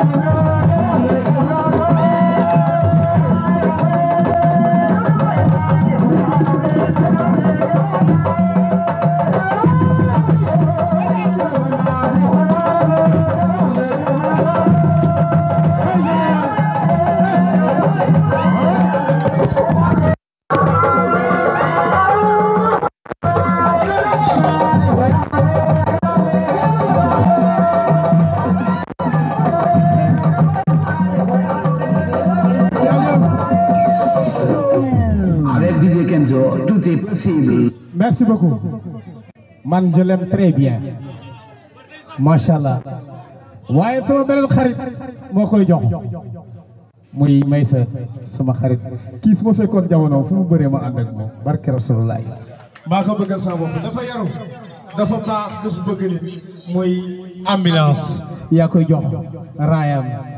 ૨૨૨ ૨૨ ૨૨ été possible. Merci beaucoup. man je l'aime bien. macha allah. waaye sama beneen xarit moo koy jox. muy Maysa sama xarit kii su ma fekkoon jamono fu mu bëree ma ànd ak moom barke Rasulullah. maa ko bëggal sama bopp dafa yaru dafa baax dafa bëgg nit muy ambulance yaa koy jox raayam.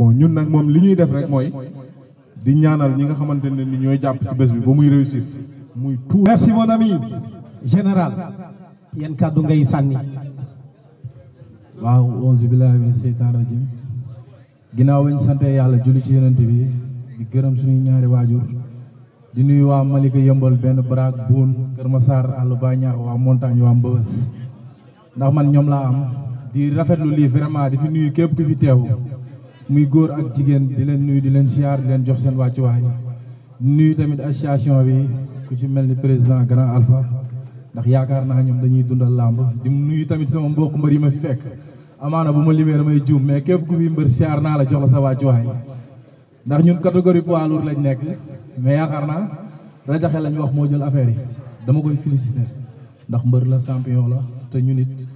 bon ñun nak mom li ñuy def rek moy di ñaanal ñi nga xamantene ni ñoy japp ci bés bi ba muy réussir muy tout. merci mon ami général yan kaddu ngay sanni waaw onze billahi min seytaan rajim ginaaw bañ sante yalla julli ci yonent bi di gëreem suñu ñaari wajur di nuyu wa Malika yëmbal ben Baraak boon Kër Massar ba ñaar wa montagne wa mbëbës ndax man ñom la am di rafetlu Luli vraiment di fi nuyu képp ku fi muy góor ak jigéen di leen nuyu di leen siyaar di leen jox seen wàccuwaay nuyu tamit association bi ku ci mel ni président grand alpha ndax yaakaar naa ñoom dañuy dundal làmb di nuyu tamit sama mbokk mbër yi ma fi fekk amaana bu ma limee damay juum mais képp ku fi mbër siyaar naa la jox la sa wàccuwaay ndax ñun catégorie poids lourd lañ nekk mais yaakaar naa rajaxe lañ wax moo jël affaire yi dama koy féliciter ndax mbër la champion la te ñun it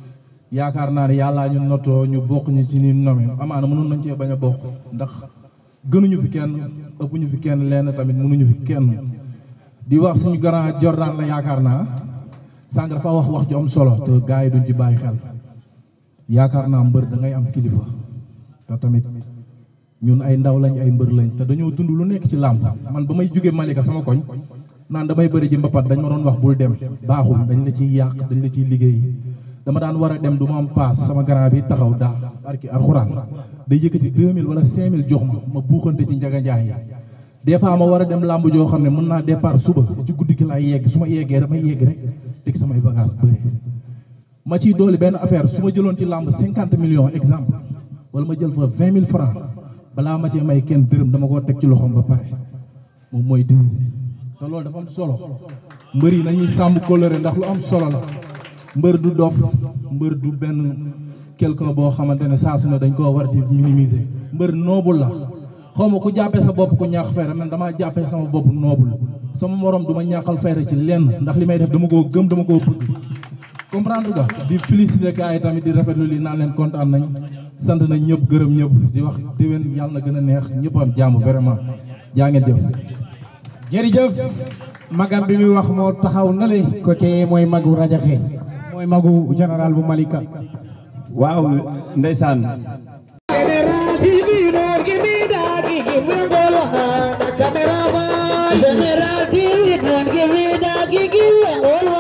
yaakar naa ne yàllaa ñu noto ñu bokk ñu ci ni nomi amaana mënoon nañ cee bañ a bokk ndax gënuñu fi kenn fi kenn lenn tamit mënuñu fi kenn di wax suñu grand Jordan la yaakaar naa sànq dafa wax wax ju am solo te gars yi duñ ci bàyyi xel yaakaar naa mbër da ngay am kilifa te tamit ñun ay ndaw lañ ay mbër lañ te dañoo dund lu nekk ci làmb man ba may jóge Malika sama koñ naan damay bëri ji mbapat dañ ma doon wax bul dem baaxul dañ la ciy yàq dañ la ciy liggéey dama daan wara dem du ma am paas sama grand bi taxaw da barki alquran day yëkkati 2000 wala 5000 jox ma ma buxante ci njaga njaay des fois ma wara dem lamb jo xamne mën na départ suba ci guddi gi laay yegg suma ma dama yegg rek teg sama bagage beuri ma ci doli ben affaire suma jëlon ci lamb 50 millions exemple wala ma jël fa 20000 francs bala ma ci may ken deureum dama ko tek ci loxom ba pare moom mooy divisé te loolu dafa am solo mbeuri nañuy nañuy ko leure ndax lu am solo la mbeur du dof mbeur du ben quelqu'un bo xamantene sa su dañ ko war di minimiser mbeur noble la xawma ku jappé sa bop ku ñaax féré man dama jappé sama bop noble sama morom duma ñaaxal féré ci lenn ndax limay def dama ko gëm dama ko bëgg comprendre nga di féliciter gaay tamit di rafetlu li naan len contane nañ sant nañ ñëpp gëreem ñëpp di wax déwén yàlla na gën neex ñëpp am jaamu vraiment jaa ngeen jeri jeuf magam bi mi wax mo taxaw na ko kee moy magu rajaxe moy magu general bu Malika waaw ndeysaan General, give it, give it, give it, give